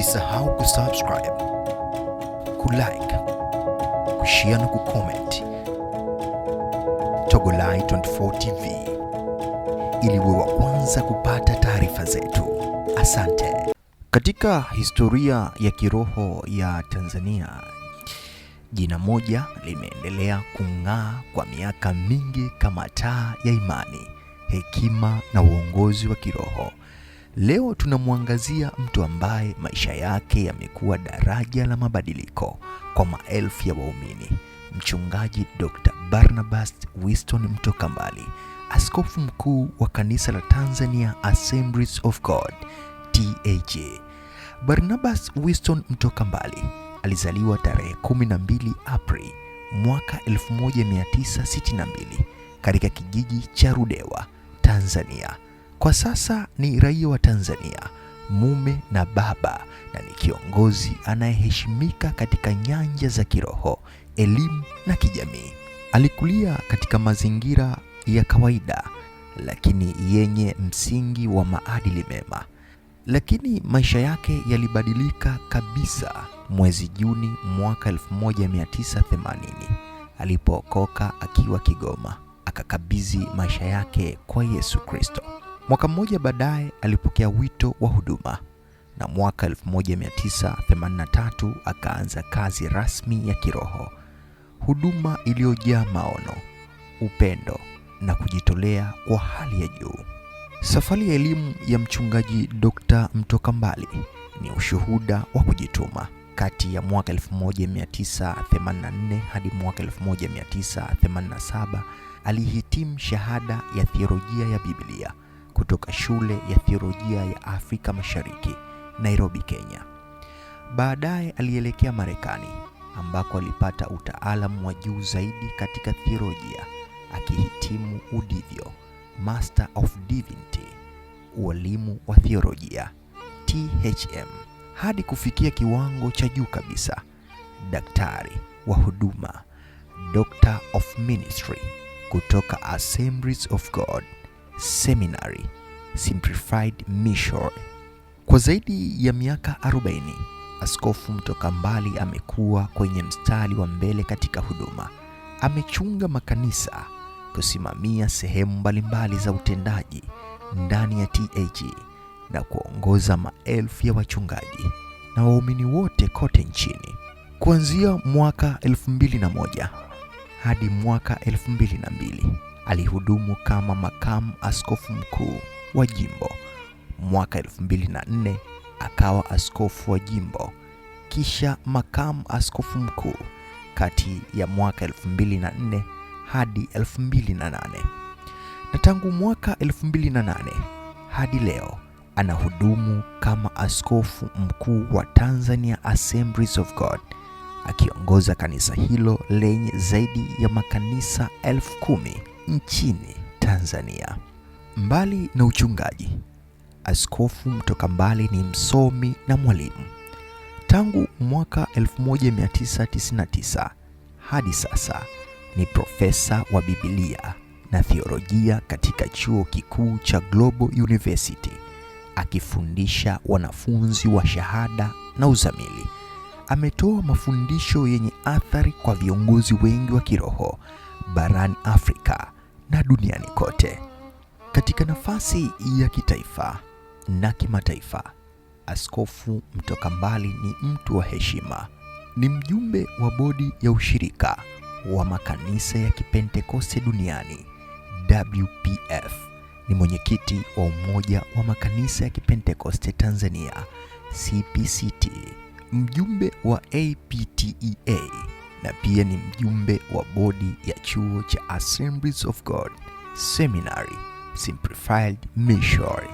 Usisahau kusubscribe, kulike, kushia na kucomment Togolai 24 TV ili uwe wa kwanza kupata taarifa zetu. Asante. Katika historia ya kiroho ya Tanzania, jina moja limeendelea kung'aa kwa miaka mingi kama taa ya imani, hekima na uongozi wa kiroho. Leo tunamwangazia mtu ambaye maisha yake yamekuwa daraja la mabadiliko kwa maelfu ya waumini, Mchungaji Dr. Barnabas Winston Mtokambali, askofu mkuu wa kanisa la Tanzania Assemblies of God TAG. Barnabas Winston Mtokambali alizaliwa tarehe 12 Aprili mwaka 1962 katika kijiji cha Rudewa, Tanzania. Kwa sasa ni raia wa Tanzania, mume na baba, na ni kiongozi anayeheshimika katika nyanja za kiroho, elimu na kijamii. Alikulia katika mazingira ya kawaida lakini yenye msingi wa maadili mema. Lakini maisha yake yalibadilika kabisa mwezi Juni mwaka 1980 alipookoka akiwa Kigoma, akakabidhi maisha yake kwa Yesu Kristo. Mwaka mmoja baadaye alipokea wito wa huduma na mwaka 1983 akaanza kazi rasmi ya kiroho, huduma iliyojaa maono, upendo na kujitolea kwa hali ya juu. Safari ya elimu ya mchungaji Dr. Mtoka Mbali ni ushuhuda wa kujituma. Kati ya mwaka 1984 hadi mwaka 1987 alihitimu shahada ya theolojia ya Biblia kutoka shule ya thiolojia ya Afrika Mashariki, Nairobi, Kenya. Baadaye alielekea Marekani ambako alipata utaalamu wa juu zaidi katika thiolojia akihitimu udivyo Master of Divinity, ualimu wa thiolojia THM, hadi kufikia kiwango cha juu kabisa, daktari wa huduma Doctor of Ministry kutoka Assemblies of God Seminary Simplified Mission. Kwa zaidi ya miaka 40, askofu mtoka mbali amekuwa kwenye mstari wa mbele katika huduma. Amechunga makanisa, kusimamia sehemu mbalimbali za utendaji ndani ya TAG na kuongoza maelfu ya wachungaji na waumini wote kote nchini. Kuanzia mwaka 2001 hadi mwaka 2002 alihudumu kama makamu askofu mkuu wa jimbo. Mwaka 2004 akawa askofu wa jimbo, kisha makamu askofu mkuu kati ya mwaka 2004 hadi 2008. Na tangu mwaka 2008 hadi leo anahudumu kama askofu mkuu wa Tanzania Assemblies of God akiongoza kanisa hilo lenye zaidi ya makanisa elfu kumi nchini Tanzania. Mbali na uchungaji, Askofu mtoka mbali ni msomi na mwalimu. Tangu mwaka 1999 hadi sasa ni profesa wa Biblia na theolojia katika Chuo Kikuu cha Global University akifundisha wanafunzi wa shahada na uzamili. Ametoa mafundisho yenye athari kwa viongozi wengi wa kiroho barani Afrika na duniani kote. Katika nafasi ya kitaifa na kimataifa, Askofu mtoka mbali ni mtu wa heshima. Ni mjumbe wa bodi ya ushirika wa makanisa ya Kipentekoste duniani WPF, ni mwenyekiti wa umoja wa makanisa ya Kipentekoste Tanzania CPCT, mjumbe wa APTEA e na pia ni mjumbe wa bodi ya chuo cha Assemblies of God Seminary simplified mission.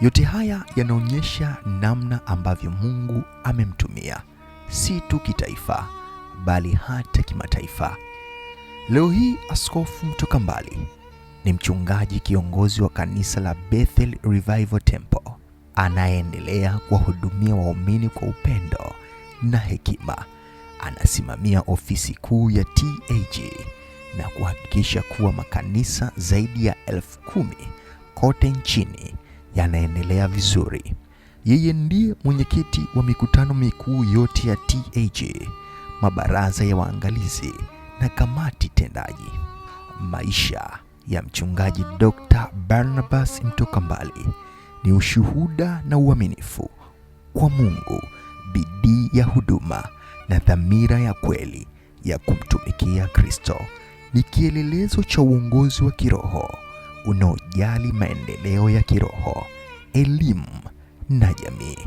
Yote haya yanaonyesha namna ambavyo Mungu amemtumia si tu kitaifa bali hata kimataifa. Leo hii Askofu mtoka mbali ni mchungaji kiongozi wa kanisa la Bethel Revival Temple anayeendelea kuwahudumia waumini kwa upendo na hekima. Anasimamia ofisi kuu ya TAG na kuhakikisha kuwa makanisa zaidi ya elfu kumi kote nchini yanaendelea vizuri. Yeye ndiye mwenyekiti wa mikutano mikuu yote ya TAG, mabaraza ya waangalizi na kamati tendaji. Maisha ya mchungaji Dr. Barnabas Mtokambali ni ushuhuda na uaminifu kwa Mungu, bidii ya huduma na dhamira ya kweli ya kumtumikia Kristo ni kielelezo cha uongozi wa kiroho unaojali maendeleo ya kiroho, elimu na jamii.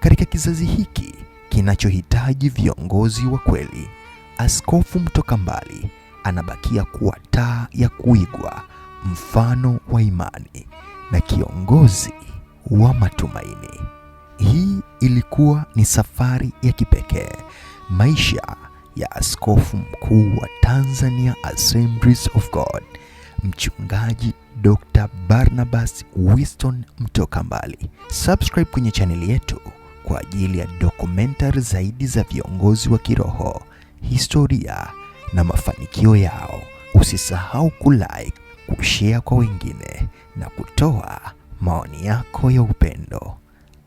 Katika kizazi hiki kinachohitaji viongozi wa kweli, askofu mtoka mbali anabakia kuwa taa ya kuigwa, mfano wa imani na kiongozi wa matumaini. Hii ilikuwa ni safari ya kipekee, maisha ya Askofu Mkuu wa Tanzania Assemblies of God Mchungaji Dr. Barnabas Winston Mtoka Mbali. Subscribe kwenye chaneli yetu kwa ajili ya dokumentari zaidi za viongozi wa kiroho, historia na mafanikio yao. Usisahau kulike, kushare kwa wengine na kutoa maoni yako ya upendo.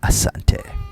Asante.